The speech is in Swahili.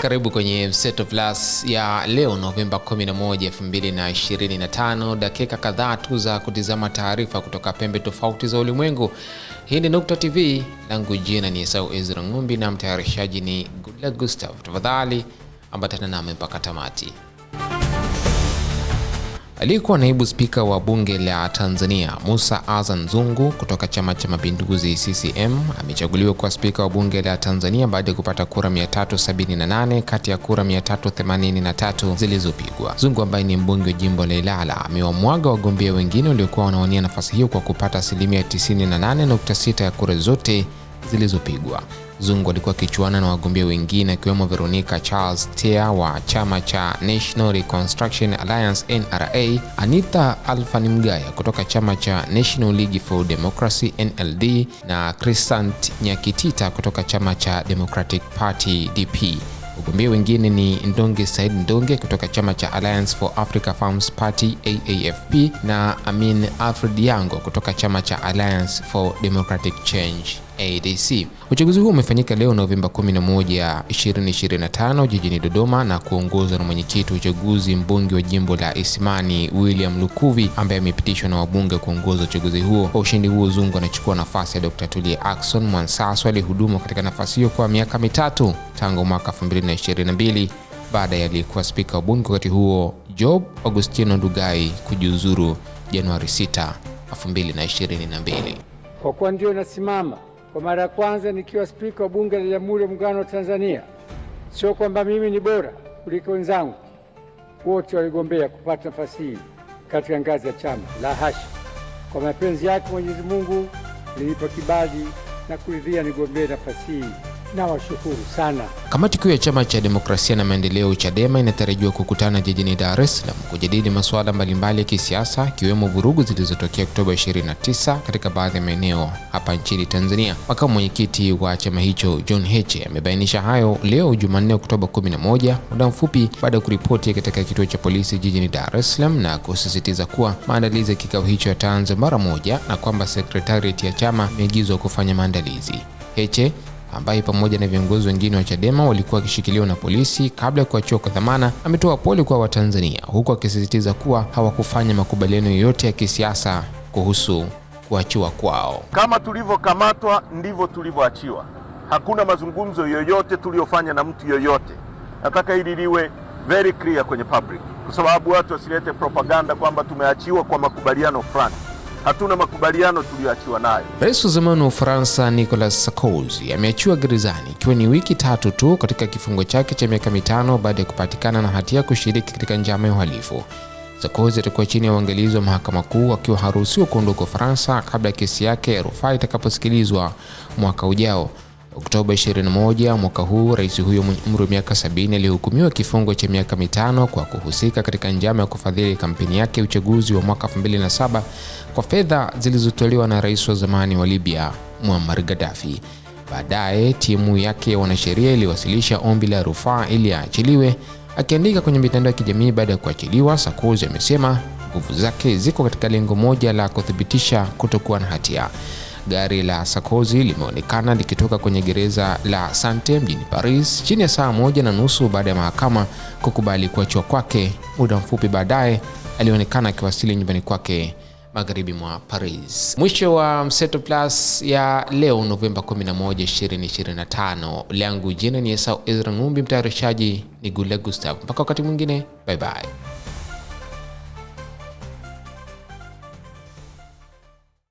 Karibu kwenye Mseto Plus ya leo Novemba 11, 2025, dakika kadhaa tu za kutizama taarifa kutoka pembe tofauti za ulimwengu. Hii ni Nukta TV, langu jina ni sau Ezra Ng'umbi na mtayarishaji ni Gudla Gustav. Tafadhali ambatana nami mpaka tamati. Aliyekuwa naibu spika wa bunge la Tanzania musa azan Zungu kutoka Chama cha Mapinduzi CCM amechaguliwa kuwa spika wa bunge la Tanzania baada ya kupata kura 378 kati ya kura 383 zilizopigwa. Zungu ambaye ni mbunge wa jimbo la Ilala amewamwaga wagombea wengine waliokuwa wanawania nafasi hiyo kwa kupata asilimia 98.6 ya kura zote zilizopigwa. Zungu alikuwa akichuana na wagombea wengine akiwemo Veronica Charles Tia wa chama cha National Reconstruction Alliance NRA, Anita Alfani Mgaya kutoka chama cha National League for Democracy NLD, na Crescent Nyakitita kutoka chama cha Democratic Party DP. Wagombea wengine ni Ndonge Said Ndonge kutoka chama cha Alliance for Africa Farms Party AAFP na Amin Alfred Yango kutoka chama cha Alliance for Democratic Change. ADC. Uchaguzi huu umefanyika leo Novemba 11, 2025 jijini Dodoma na kuongozwa na mwenyekiti wa uchaguzi mbunge wa jimbo la Isimani William Lukuvi ambaye amepitishwa na wabunge kuongoza uchaguzi huo. Kwa ushindi huo, Zungu anachukua nafasi ya Dr. Tulia Ackson Mwansasu aliyehudumu katika nafasi hiyo kwa miaka mitatu tangu mwaka 2022 baada ya aliyekuwa spika wa bunge wakati huo Job Augustino Ndugai kujiuzuru Januari 6, 2022. Kwa kuwa ndio inasimama kwa mara ya kwanza nikiwa spika wa Bunge la Jamhuri ya Muungano wa Tanzania. Sio kwamba mimi ni bora kuliko wenzangu wote waligombea kupata nafasi hii katika ngazi ya chama, la hasha. Kwa mapenzi yake Mwenyezi Mungu alinipa kibali na kuridhia nigombee nafasi hii. Nawashukuru sana. Kamati kuu ya chama cha demokrasia na maendeleo Chadema inatarajiwa kukutana jijini Dar es Salaam kujadili masuala mbalimbali ya kisiasa ikiwemo vurugu zilizotokea Oktoba 29 katika baadhi ya maeneo hapa nchini Tanzania. Makamu mwenyekiti wa chama hicho John Heche amebainisha hayo leo Jumanne, Oktoba 11, muda mfupi baada ya kuripoti katika kituo cha polisi jijini Dar es Salaam na kusisitiza kuwa maandalizi ya kikao hicho yataanza mara moja na kwamba sekretariat ya chama imeagizwa kufanya maandalizi. Heche ambaye pamoja na viongozi wengine wa Chadema walikuwa wakishikiliwa na polisi kabla ya kuachiwa kwa dhamana, ametoa pole kwa Watanzania huku akisisitiza kuwa hawakufanya makubaliano yoyote ya kisiasa kuhusu kuachiwa kwao. Kama tulivyokamatwa ndivyo tulivyoachiwa. Hakuna mazungumzo yoyote tuliyofanya na mtu yoyote. Nataka hili liwe very clear kwenye public, kwa sababu watu wasilete propaganda kwamba tumeachiwa kwa makubaliano fulani hatuna makubaliano tuliyoachiwa nayo. Rais wa zamani wa Ufaransa Nicolas Sarkozy ameachiwa gerezani ikiwa ni wiki tatu tu katika kifungo chake cha miaka mitano baada ya kupatikana na hatia ya kushiriki katika njama ya uhalifu. Sarkozy atakuwa chini ya uangalizi wa mahakama kuu akiwa haruhusiwa kuondoka Ufaransa kabla ya kesi yake ya rufaa itakaposikilizwa mwaka ujao. Oktoba 21 mwaka huu, rais huyo mwenye umri wa miaka 70 alihukumiwa kifungo cha miaka mitano kwa kuhusika katika njama ya kufadhili kampeni yake uchaguzi wa mwaka 2007 kwa fedha zilizotolewa na rais wa zamani wa Libya Muammar Gaddafi. Baadaye timu yake ya wanasheria iliwasilisha ombi la rufaa ili aachiliwe. Akiandika kwenye mitandao ya kijamii baada ya kuachiliwa, Sarkozy amesema nguvu zake ziko katika lengo moja la kuthibitisha kutokuwa na hatia gari la Sarkozy limeonekana likitoka kwenye gereza la Sante mjini Paris chini ya saa moja na nusu baada ya mahakama kukubali kuachiwa kwake. Muda mfupi baadaye alionekana akiwasili nyumbani kwake magharibi mwa Paris. Mwisho wa Mseto Plus ya leo Novemba 11, 2025. Langu jina ni Esau Ezra Ngumbi, mtayarishaji ni Gule Gustav. Mpaka wakati mwingine, bye bye.